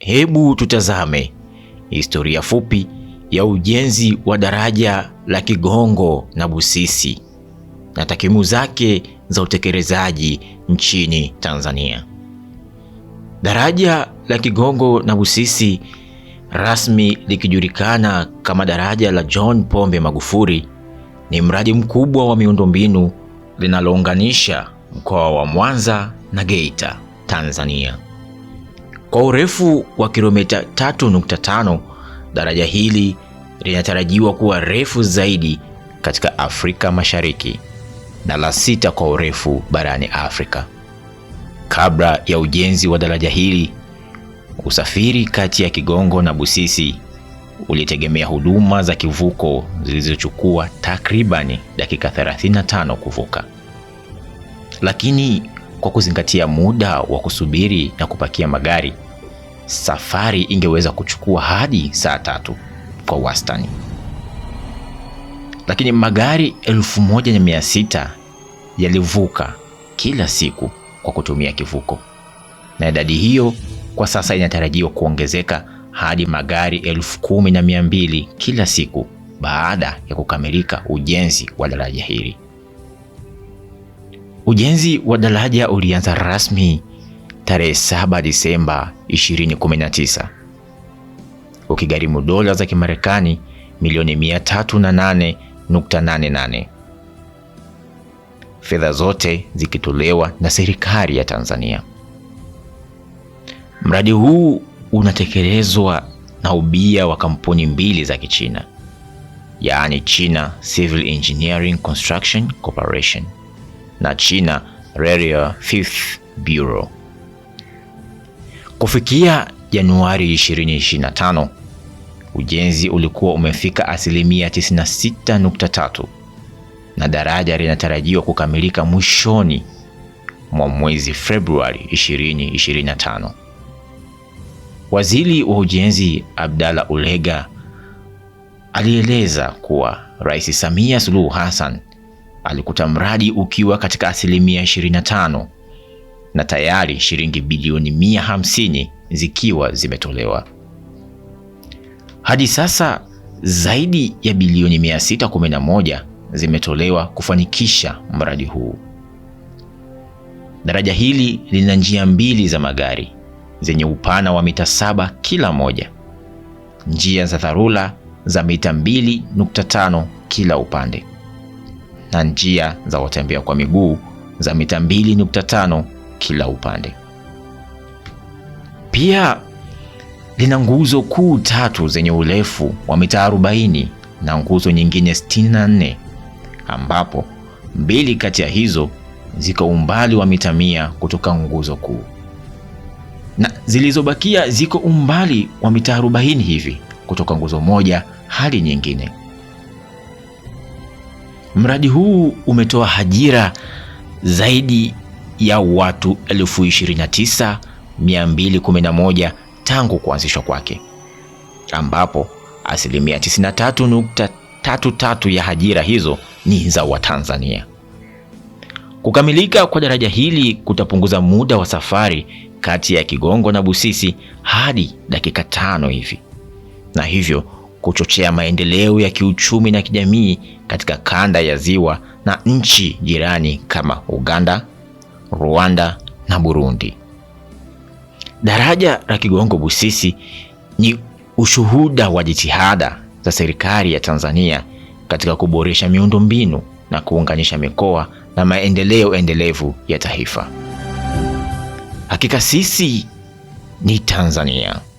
Hebu tutazame historia fupi ya ujenzi wa daraja la Kigongo na Busisi na takwimu zake za utekelezaji nchini Tanzania. Daraja la Kigongo na Busisi rasmi likijulikana kama daraja la John Pombe Magufuli ni mradi mkubwa wa miundombinu linalounganisha mkoa wa Mwanza na Geita, Tanzania. Kwa urefu wa kilomita 3.5, daraja hili linatarajiwa kuwa refu zaidi katika Afrika Mashariki na la sita kwa urefu barani Afrika. Kabla ya ujenzi wa daraja hili, usafiri kati ya Kigongo na Busisi ulitegemea huduma za kivuko zilizochukua takribani dakika 35 kuvuka, lakini kwa kuzingatia muda wa kusubiri na kupakia magari, safari ingeweza kuchukua hadi saa tatu kwa wastani, lakini magari 1600 yalivuka kila siku kwa kutumia kivuko, na idadi hiyo kwa sasa inatarajiwa kuongezeka hadi magari elfu kumi na mia mbili kila siku baada ya kukamilika ujenzi wa daraja hili. Ujenzi wa daraja ulianza rasmi tarehe 7 Disemba 2019 ukigharimu dola za Kimarekani milioni 308.88, fedha zote zikitolewa na serikali ya Tanzania. Mradi huu unatekelezwa na ubia wa kampuni mbili za Kichina, yaani China Civil Engineering Construction Corporation na China Railway Fifth Bureau. Kufikia Januari 2025, ujenzi ulikuwa umefika asilimia 96.3 na daraja linatarajiwa kukamilika mwishoni mwa mwezi Februari 2025. Waziri wa Ujenzi Abdalla Ulega alieleza kuwa Rais Samia Suluhu Hassan alikuta mradi ukiwa katika asilimia 25 na tayari shilingi bilioni 150 zikiwa zimetolewa. Hadi sasa zaidi ya bilioni 611 zimetolewa kufanikisha mradi huu. Daraja hili lina njia mbili za magari zenye upana wa mita saba kila moja, njia za dharura za mita 2.5 kila upande na njia za watembea kwa miguu za mita 2.5 kila upande. Pia lina nguzo kuu tatu zenye urefu wa mita 40 na nguzo nyingine 64 ambapo mbili kati ya hizo ziko umbali wa mita mia kutoka nguzo kuu na zilizobakia ziko umbali wa mita 40 hivi kutoka nguzo moja hadi nyingine. Mradi huu umetoa ajira zaidi ya watu 29211 tangu kuanzishwa kwake, ambapo asilimia 93.33 ya ajira hizo ni za Watanzania. Kukamilika kwa daraja hili kutapunguza muda wa safari kati ya Kigongo na Busisi hadi dakika tano hivi na hivyo kuchochea maendeleo ya kiuchumi na kijamii katika kanda ya ziwa na nchi jirani kama Uganda, Rwanda na Burundi. Daraja la Kigongo Busisi ni ushuhuda wa jitihada za serikali ya Tanzania katika kuboresha miundombinu na kuunganisha mikoa na maendeleo endelevu ya taifa. Hakika sisi ni Tanzania.